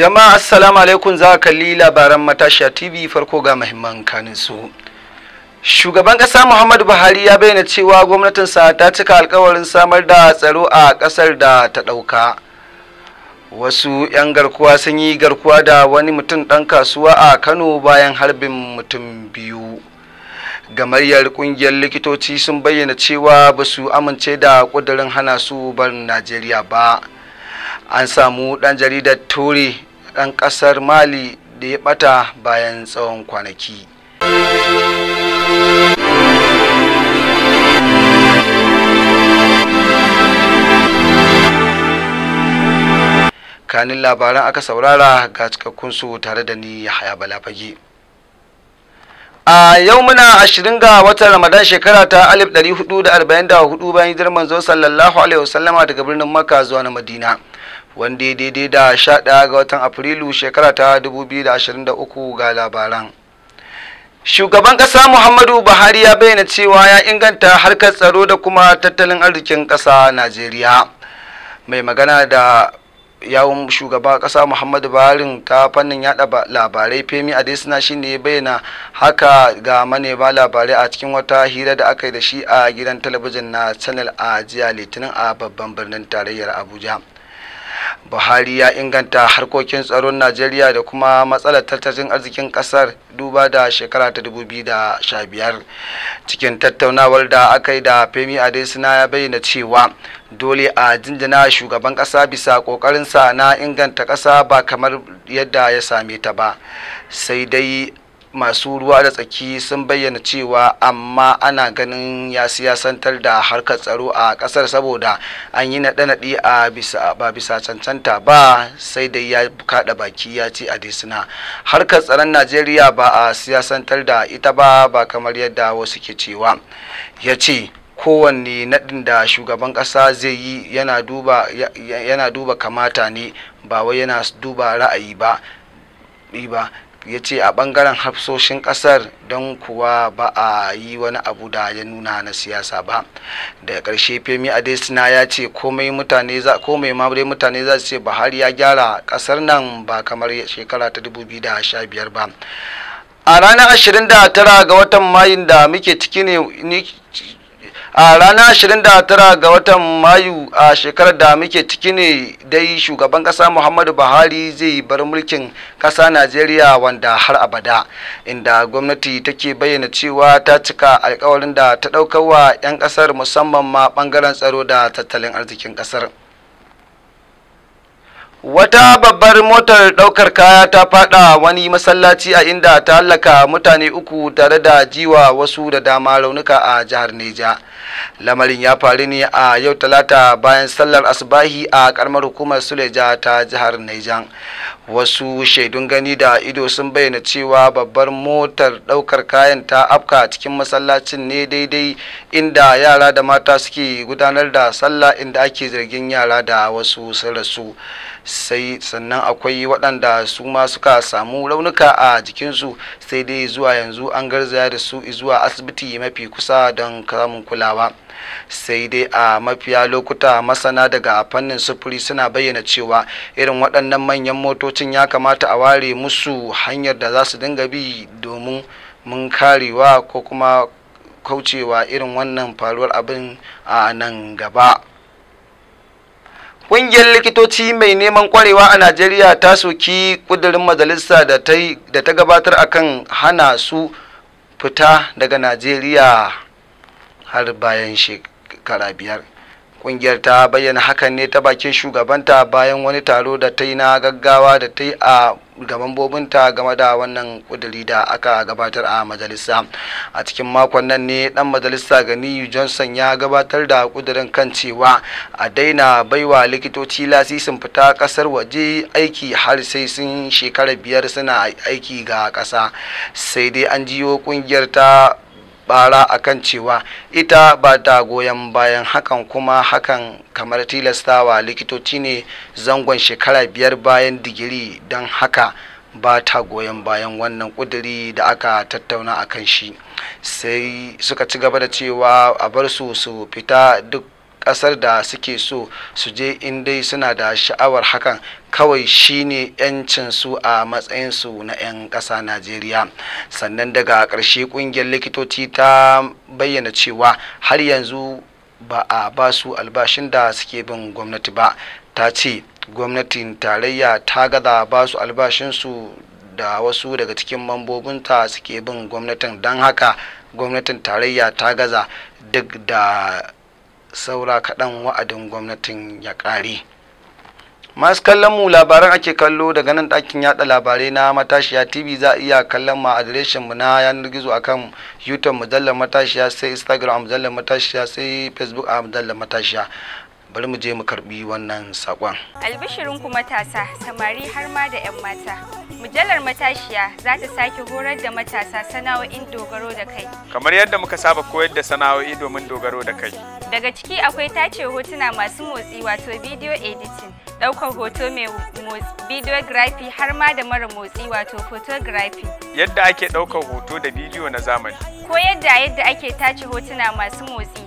jama'a assalamu alaikum za kalli labaran matashiya tv farko ga muhimman kanin su shugaban kasa muhammadu buhari ya bayyana cewa gwamnatin gwamnatinsa ta cika alkawarin samar da tsaro a kasar da ta ɗauka wasu 'yan garkuwa sun yi garkuwa da wani mutum ɗan kasuwa a kano bayan harbin mutum biyu gamayyar kungiyar likitoci sun bayyana cewa ba su amince da ƙudurin hana su bar najeriya ba an samu ɗan jaridar tori ɗan ƙasar mali da ya ɓata bayan tsawon kwanaki kanin labaran aka saurara ga cikakkun su tare da ni yahaya balafage a yau muna ashirin ga watan ramadan shekara ta alif ɗari bayan hijirar zo sallallahu alaihi wasallama daga birnin makka zuwa na madina wanda ya daidai da ɗaya ga watan afrilu shekara ta uku ga labaran shugaban ƙasa muhammadu buhari ya bayyana cewa ya inganta harkar tsaro da kuma tattalin arzikin ƙasa najeriya mai magana da yawun shugaban ƙasa muhammadu buhari ta fannin yada labarai femi adesina shine bayyana haka ga manema labarai a cikin wata hira da aka yi da shi a gidan talabijin na channel a jiya litinin a babban birnin tarayyar abuja buhari ya inganta harkokin tsaron najeriya da kuma matsalar tattalin arzikin kasar duba da shekara ta 2015 cikin tattaunawar da aka yi da femi adesina ya bayyana cewa dole a jinjina shugaban kasa bisa kokarinsa na inganta kasa ba kamar yadda ya same ta ba sai dai masu ruwa da tsaki sun bayyana cewa amma ana ganin ya siyasantar da harkar tsaro a kasar saboda an yi naɗe-naɗe a bisa ba bisa cancanta ba sai dai ya kaɗa baki ya ce a disina harkar tsaron najeriya ba a siyasantar da ita ba ba kamar yadda wasu ke cewa ya ce kowanne naɗin da shugaban ƙasa zai yi yana duba yana duba kamata ne ba wai yana duba ra'ayi ba ya ce a bangaren hafsoshin kasar don kuwa ba a yi wani abu da ya nuna na siyasa ba da karshe femi adesina ya ce komai mutane za mutane za su ce buhari ya gyara kasar nan ba kamar shekara ta 2015 ba a ranar 29 ga watan mayun da muke ciki ne a ranar 29 ga watan mayu a shekarar da muke ciki ne dai shugaban kasa muhammadu buhari zai bar mulkin kasa najeriya wanda har abada inda gwamnati take bayyana cewa ta cika alkawarin da ta ɗaukar wa 'yan kasar musamman ma bangaren tsaro da tattalin arzikin kasar wata babbar motar ɗaukar kaya ta faɗa wani masallaci a inda ta hallaka mutane uku tare da jiwa wasu da dama raunuka a jihar neja lamarin ya faru ne a yau talata bayan sallar asubahi a karamar hukumar suleja ta jihar neja wasu shaidun gani da ido sun bayyana cewa babbar motar ɗaukar kayan ta afka cikin masallacin ne daidai inda yara da mata suke gudanar da sallah inda ake zargin yara da wasu sun rasu sai sannan akwai waɗanda su ma suka samu raunuka a jikinsu sai dai zuwa yanzu an garzaya da su zuwa asibiti mafi kusa don samun kulawa sai dai a mafiya lokuta masana daga fannin sufuri suna bayyana cewa irin waɗannan manyan motocin ya kamata a ware musu hanyar da za su dinga bi domin mun karewa ko kuma kaucewa irin wannan faruwar abin a nan gaba Ƙungiyar likitoci mai neman ƙwarewa a Najeriya ta soki ƙudurin majalisa da ta gabatar akan hana su fita daga Najeriya har bayan shekara biyar. kungiyar ta bayyana hakan ne ta bakin shugabanta bayan wani taro da ta yi na gaggawa da ta yi a gaban bobinta game da wannan kuduri da aka gabatar a majalisa a cikin makon nan ne dan majalisa ganiyu johnson ya gabatar da kudurin kan cewa a daina baiwa likitoci lasisin fita kasar waje aiki har sai sun shekara biyar suna aiki ga kasa sai dai an jiyo kungiyar ta bara akan cewa ita ba ta goyon bayan hakan kuma hakan kamar tilastawa likitoci ne zangon shekara biyar bayan digiri don haka ba ta goyon bayan wannan kuduri da aka tattauna akan shi sai suka ci gaba da cewa a bar su su fita duk kasar da suke so su je in dai suna da sha'awar hakan kawai shine su a matsayinsu na 'yan ƙasa najeriya sannan daga ƙarshe ƙungiyar likitoci ta bayyana cewa har yanzu ba a ba su albashin da suke bin gwamnati ba ta ce gwamnatin tarayya ta gaza ba su albashinsu da wasu daga cikin mambobinta suke bin gwamnatin don haka gwamnatin tarayya ta gaza duk da saura kaɗan wa'adin gwamnatin ya ƙare masu kallon mu labaran ake kallo daga nan ɗakin yada labarai na matashiya tv za a iya kallon mu adireshin mu na yanar gizo akan youtube mujallar matashiya sai instagram mujallar matashiya sai facebook a mujallar matashiya bari mu je mu karbi wannan sakon. Albishirin ku matasa, samari har ma da 'yan mata. Mujallar matashiya za ta sake horar da matasa sana'o'in dogaro da kai. Kamar yadda muka saba koyar da sana'o'i domin dogaro da kai. Daga ciki akwai tace hotuna masu motsi wato video editing, ɗaukar hoto mai videography har ma da mara motsi wato photography. Yadda ake ɗaukar hoto da bidiyo na zamani. Ko yadda yadda ake tace hotuna masu motsi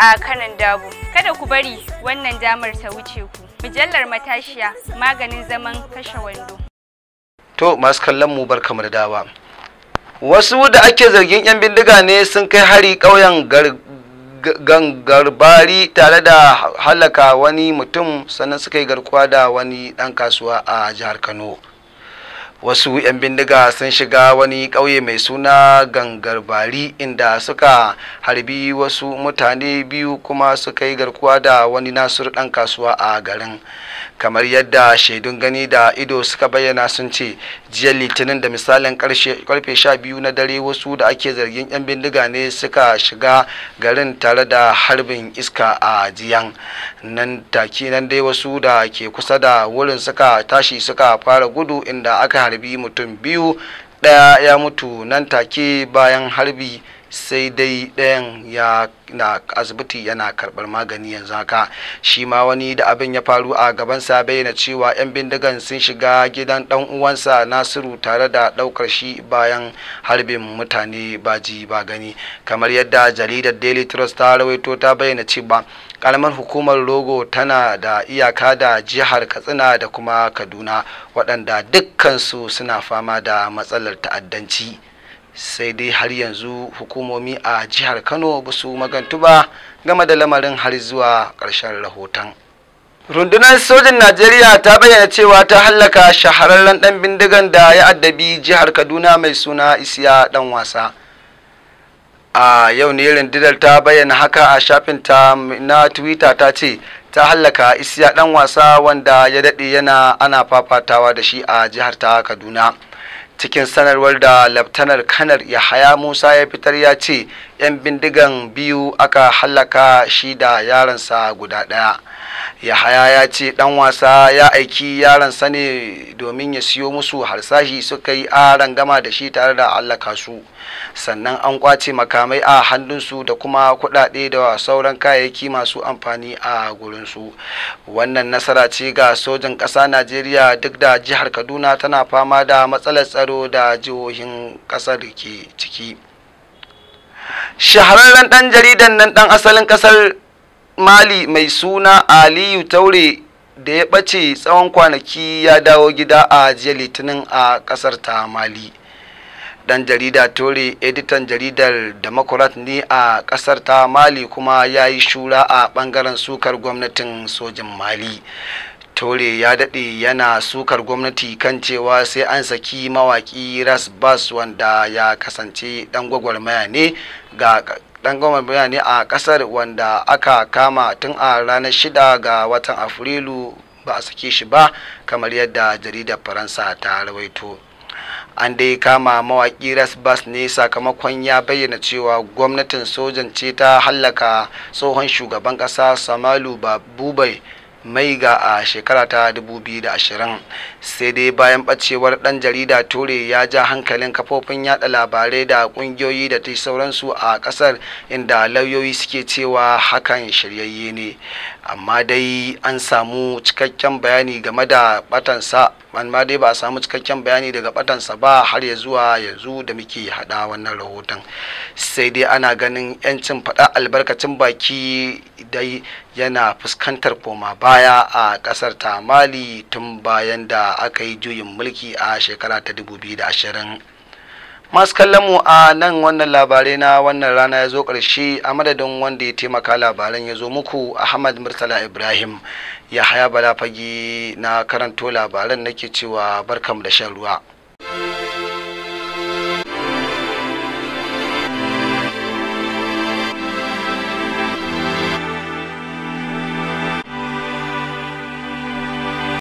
a kanan dabu kada ku bari wannan damar ta wuce ku mujallar matashiya maganin zaman kashe wando to masu kallon mu bar kamar dawa wasu da ake zargin 'yan bindiga ne sun kai hari ƙauyen gangarbari tare da halaka wani mutum sannan suka yi garkuwa da wani ɗan kasuwa a jihar kano wasu 'yan bindiga sun shiga wani ƙauye mai suna gangarbari inda suka harbi wasu mutane biyu kuma suka yi garkuwa da wani nasur ɗan kasuwa a garin kamar yadda shaidun gani da ido suka bayyana sun ce jiya litinin da misalin karfe sha biyu na dare wasu da ake zargin 'yan bindiga ne suka shiga garin tare da harbin iska a jiyan nan take nan dai wasu da ke kusa da wurin suka tashi suka fara gudu inda aka harbi mutum biyu daya ya mutu nan take bayan harbi sai dai ɗayan ya na asibiti yana karɓar magani yanzu haka shi ma wani da abin ya faru a gabansa bayyana cewa 'yan bindigan sun shiga gidan ɗan uwansa nasiru tare da ɗaukar shi bayan harbin mutane ba ji ba gani kamar yadda jaridar daily trust ta rawaito ta bayyana cewa karamar hukumar rogo tana da iyaka da jihar katsina da kuma kaduna waɗanda dukkansu suna fama da matsalar ta'addanci sai dai har yanzu hukumomi a jihar kano ba su magantu ba game da lamarin har zuwa ƙarshen rahoton rundunar sojin najeriya ta bayyana cewa ta hallaka shahararren ɗan bindigan da ya addabi jihar kaduna mai suna isiya dan wasa a yau ne rundunar ta bayyana haka a shafin ta na twitter ta ce ta hallaka isiya ɗan wasa wanda ya daɗe yana ana fafatawa da shi a jihar ta kaduna cikin sanarwar da laftanar kanar yahaya musa ya fitar ya ce 'yan bindigan biyu aka hallaka shi da yaransa guda ɗaya yahaya ya ce dan wasa ya aiki yaron sane domin ya siyo musu harsashi suka yi aran gama da shi tare da allaka su sannan an kwace makamai a hannunsu da kuma kudade da sauran kayayyaki masu amfani a gurinsu wannan nasara ce ga sojin ƙasa najeriya duk da jihar kaduna tana fama da matsalar tsaro da jihohin ƙasar ke ciki shahararren ɗan jaridan nan ɗan asalin ƙasar mali mai suna aliyu taure da ya ɓace tsawon kwanaki ya dawo gida a jiya litinin a ƙasar ta mali dan jarida tore editan jaridar democrat ne a ƙasar ta mali kuma ya yi shura a ɓangaren sukar gwamnatin sojin mali Tore ya daɗe yana sukar gwamnati kan cewa sai an saki mawaƙi Ras Bas wanda ya kasance ɗan gwagwarmaya ne ga dan goma bayani a ƙasar wanda aka kama tun a ranar shida ga watan afrilu ba a sake shi ba kamar yadda jaridar faransa ta rawaito an dai kama mawaƙi bas ne sakamakon ya bayyana cewa gwamnatin sojan ce ta hallaka tsohon shugaban ƙasa samalu babubai maiga a shekara ta 2020 sai dai bayan bacewar dan jarida ture ya ja hankalin kafofin yada labarai da kungiyoyi da ta sauransu a kasar inda lauyoyi suke cewa hakan shiryayye ne amma dai an samu cikakken bayani game da batansa amma dai ba a samu cikakken bayani daga batansa ba har ya zuwa yanzu da muke hada wannan rahoton sai dai ana ganin yancin faɗa albarkacin baki dai yana fuskantar koma baya a ƙasar ta mali tun bayan da aka yi juyin mulki a shekara ta 2020 masu kallon mu a nan wannan labarai na wannan rana ya zo ƙarshe a madadin wanda ya taimaka labaran ya zo muku ahmad murtala ibrahim ya haya fagi na karanto labaran nake cewa barkam da shan ruwa